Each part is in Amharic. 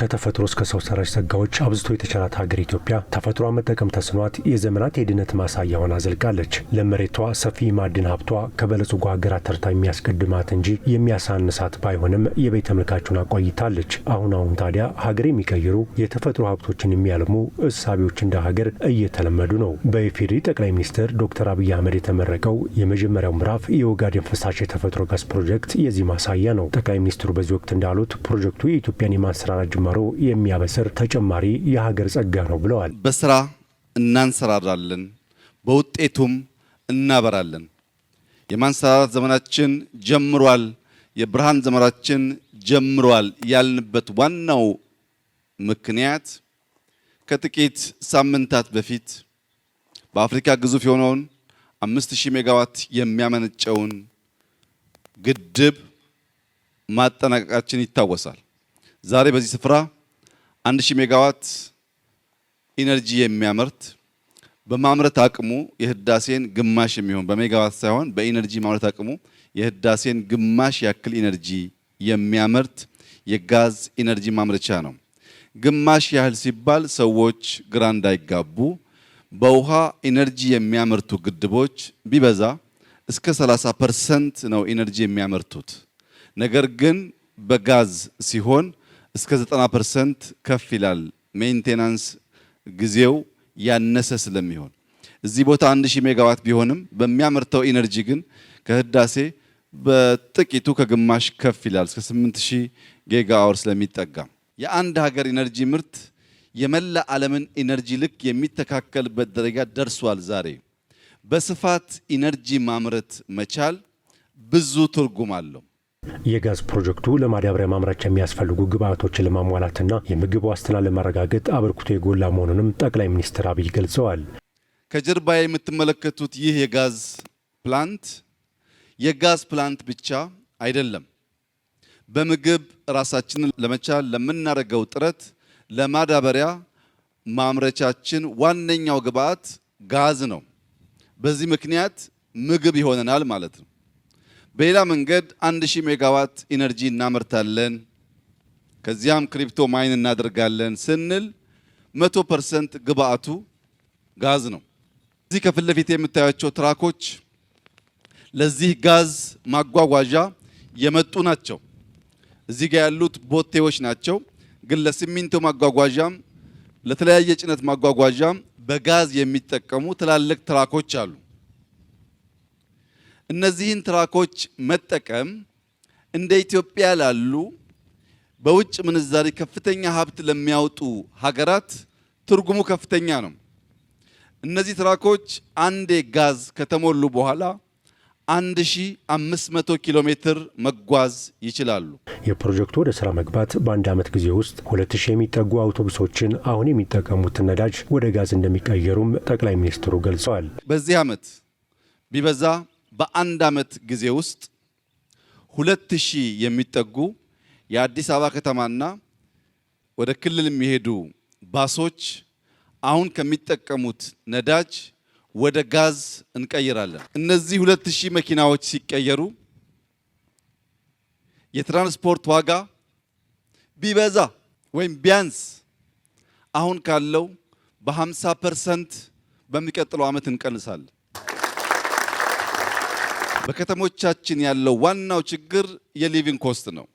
ከተፈጥሮ እስከ ሰው ሰራሽ ጸጋዎች አብዝቶ የተቸራት ሀገር ኢትዮጵያ ተፈጥሯ መጠቀም ተስኗት የዘመናት የድነት ማሳያ ሆና ዘልቃለች። ለመሬቷ ሰፊ ማዕድን ሀብቷ ከበለጽጎ ሀገራት ተርታ የሚያስቀድማት እንጂ የሚያሳንሳት ባይሆንም የቤተ ምልካቹን አቆይታለች። አሁን አሁን ታዲያ ሀገር የሚቀይሩ የተፈጥሮ ሀብቶችን የሚያልሙ እሳቢዎች እንደ ሀገር እየተለመዱ ነው። በኢፌዴሪ ጠቅላይ ሚኒስትር ዶክተር አብይ አህመድ የተመረቀው የመጀመሪያው ምዕራፍ የኦጋዴን ፍሳሽ የተፈጥሮ ጋዝ ፕሮጀክት የዚህ ማሳያ ነው። ጠቅላይ ሚኒስትሩ በዚህ ወቅት እንዳሉት ፕሮጀክቱ የኢትዮጵያን የማንሰራራት ጅማ መጨመሩ የሚያበስር ተጨማሪ የሀገር ጸጋ ነው ብለዋል። በስራ እናንሰራራለን፣ በውጤቱም እናበራለን። የማንሰራራት ዘመናችን ጀምሯል፣ የብርሃን ዘመናችን ጀምሯል ያልንበት ዋናው ምክንያት ከጥቂት ሳምንታት በፊት በአፍሪካ ግዙፍ የሆነውን 5000 ሜጋዋት የሚያመነጨውን ግድብ ማጠናቀቃችን ይታወሳል። ዛሬ በዚህ ስፍራ 1000 ሜጋዋት ኢነርጂ የሚያመርት በማምረት አቅሙ የህዳሴን ግማሽ የሚሆን በሜጋዋት ሳይሆን በኢነርጂ ማምረት አቅሙ የህዳሴን ግማሽ ያክል ኢነርጂ የሚያመርት የጋዝ ኢነርጂ ማምረቻ ነው። ግማሽ ያህል ሲባል ሰዎች ግራ እንዳይጋቡ በውሃ ኢነርጂ የሚያመርቱ ግድቦች ቢበዛ እስከ 30 ፐርሰንት ነው ኢነርጂ የሚያመርቱት። ነገር ግን በጋዝ ሲሆን እስከ 90 ፐርሰንት ከፍ ይላል። ሜንቴናንስ ጊዜው ያነሰ ስለሚሆን እዚህ ቦታ 1000 ሜጋዋት ቢሆንም በሚያመርተው ኢነርጂ ግን ከህዳሴ በጥቂቱ ከግማሽ ከፍ ይላል እስከ 8000 ጊጋ አወር ስለሚጠጋ የአንድ ሀገር ኢነርጂ ምርት የመላ ዓለምን ኢነርጂ ልክ የሚተካከልበት ደረጃ ደርሷል። ዛሬ በስፋት ኢነርጂ ማምረት መቻል ብዙ ትርጉም አለው። የጋዝ ፕሮጀክቱ ለማዳበሪያ ማምረቻ የሚያስፈልጉ ግብዓቶችን ለማሟላትና የምግብ ዋስትና ለማረጋገጥ አበርክቶ የጎላ መሆኑንም ጠቅላይ ሚኒስትር አብይ ገልጸዋል። ከጀርባ የምትመለከቱት ይህ የጋዝ ፕላንት የጋዝ ፕላንት ብቻ አይደለም። በምግብ ራሳችንን ለመቻል ለምናደርገው ጥረት ለማዳበሪያ ማምረቻችን ዋነኛው ግብዓት ጋዝ ነው። በዚህ ምክንያት ምግብ ይሆነናል ማለት ነው። በሌላ መንገድ 1000 ሜጋዋት ኢነርጂ እናመርታለን፣ ከዚያም ክሪፕቶ ማይን እናደርጋለን ስንል 100% ግብአቱ ጋዝ ነው። እዚህ ከፊት ለፊት የምታያቸው ትራኮች ለዚህ ጋዝ ማጓጓዣ የመጡ ናቸው። እዚህ ጋር ያሉት ቦቴዎች ናቸው። ግን ለሲሚንቶ ማጓጓዣም ለተለያየ ጭነት ማጓጓዣም በጋዝ የሚጠቀሙ ትላልቅ ትራኮች አሉ። እነዚህን ትራኮች መጠቀም እንደ ኢትዮጵያ ላሉ በውጭ ምንዛሪ ከፍተኛ ሀብት ለሚያወጡ ሀገራት ትርጉሙ ከፍተኛ ነው። እነዚህ ትራኮች አንዴ ጋዝ ከተሞሉ በኋላ 1500 ኪሎ ሜትር መጓዝ ይችላሉ። የፕሮጀክቱ ወደ ስራ መግባት በአንድ ዓመት ጊዜ ውስጥ 2000 የሚጠጉ አውቶቡሶችን አሁን የሚጠቀሙትን ነዳጅ ወደ ጋዝ እንደሚቀየሩም ጠቅላይ ሚኒስትሩ ገልጸዋል። በዚህ ዓመት ቢበዛ በአንድ ዓመት ጊዜ ውስጥ ሁለት ሺህ የሚጠጉ የአዲስ አበባ ከተማና ወደ ክልል የሚሄዱ ባሶች አሁን ከሚጠቀሙት ነዳጅ ወደ ጋዝ እንቀይራለን። እነዚህ ሁለት ሺህ መኪናዎች ሲቀየሩ የትራንስፖርት ዋጋ ቢበዛ ወይም ቢያንስ አሁን ካለው በ50 ፐርሰንት በሚቀጥለው ዓመት እንቀንሳለን። በከተሞቻችን ያለው ዋናው ችግር የሊቪንግ ኮስት ነው።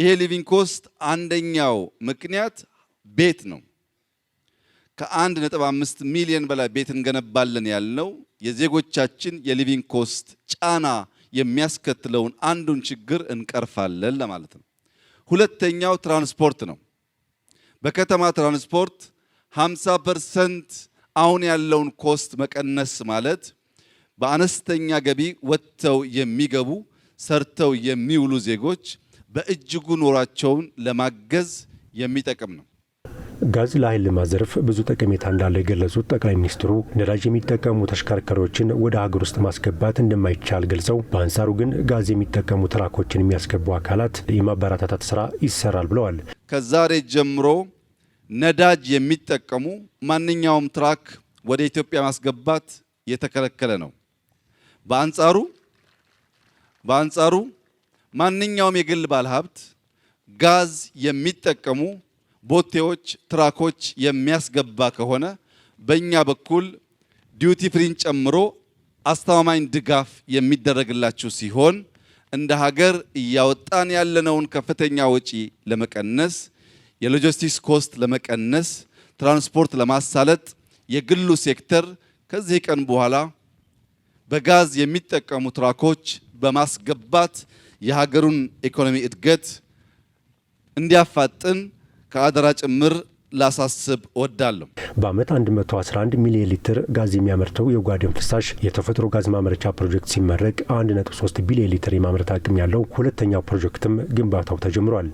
ይሄ ሊቪንግ ኮስት አንደኛው ምክንያት ቤት ነው። ከአንድ ነጥብ አምስት ሚሊዮን በላይ ቤት እንገነባለን ያልነው የዜጎቻችን የሊቪንግ ኮስት ጫና የሚያስከትለውን አንዱን ችግር እንቀርፋለን ለማለት ነው። ሁለተኛው ትራንስፖርት ነው። በከተማ ትራንስፖርት 50 ፐርሰንት አሁን ያለውን ኮስት መቀነስ ማለት በአነስተኛ ገቢ ወጥተው የሚገቡ ሰርተው የሚውሉ ዜጎች በእጅጉ ኖሯቸውን ለማገዝ የሚጠቅም ነው። ጋዝ ለኃይል ማዘርፍ ብዙ ጠቀሜታ እንዳለ የገለጹት ጠቅላይ ሚኒስትሩ ነዳጅ የሚጠቀሙ ተሽከርካሪዎችን ወደ ሀገር ውስጥ ማስገባት እንደማይቻል ገልጸው በአንጻሩ ግን ጋዝ የሚጠቀሙ ትራኮችን የሚያስገቡ አካላት የማበረታታት ስራ ይሰራል ብለዋል። ከዛሬ ጀምሮ ነዳጅ የሚጠቀሙ ማንኛውም ትራክ ወደ ኢትዮጵያ ማስገባት የተከለከለ ነው። በአንጻሩ በአንጻሩ ማንኛውም የግል ባለሀብት ጋዝ የሚጠቀሙ ቦቴዎች፣ ትራኮች የሚያስገባ ከሆነ በእኛ በኩል ዲዩቲ ፍሪን ጨምሮ አስተማማኝ ድጋፍ የሚደረግላችሁ ሲሆን እንደ ሀገር እያወጣን ያለነውን ከፍተኛ ወጪ ለመቀነስ የሎጂስቲክስ ኮስት ለመቀነስ ትራንስፖርት ለማሳለጥ የግሉ ሴክተር ከዚህ ቀን በኋላ በጋዝ የሚጠቀሙ ትራኮች በማስገባት የሀገሩን ኢኮኖሚ እድገት እንዲያፋጥን ከአደራ ጭምር ላሳስብ እወዳለሁ። በዓመት 111 ሚሊዮን ሊትር ጋዝ የሚያመርተው የኦጋዴን ፍሳሽ የተፈጥሮ ጋዝ ማምረቻ ፕሮጀክት ሲመረቅ 1.3 ቢሊዮን ሊትር የማምረት አቅም ያለው ሁለተኛው ፕሮጀክትም ግንባታው ተጀምሯል።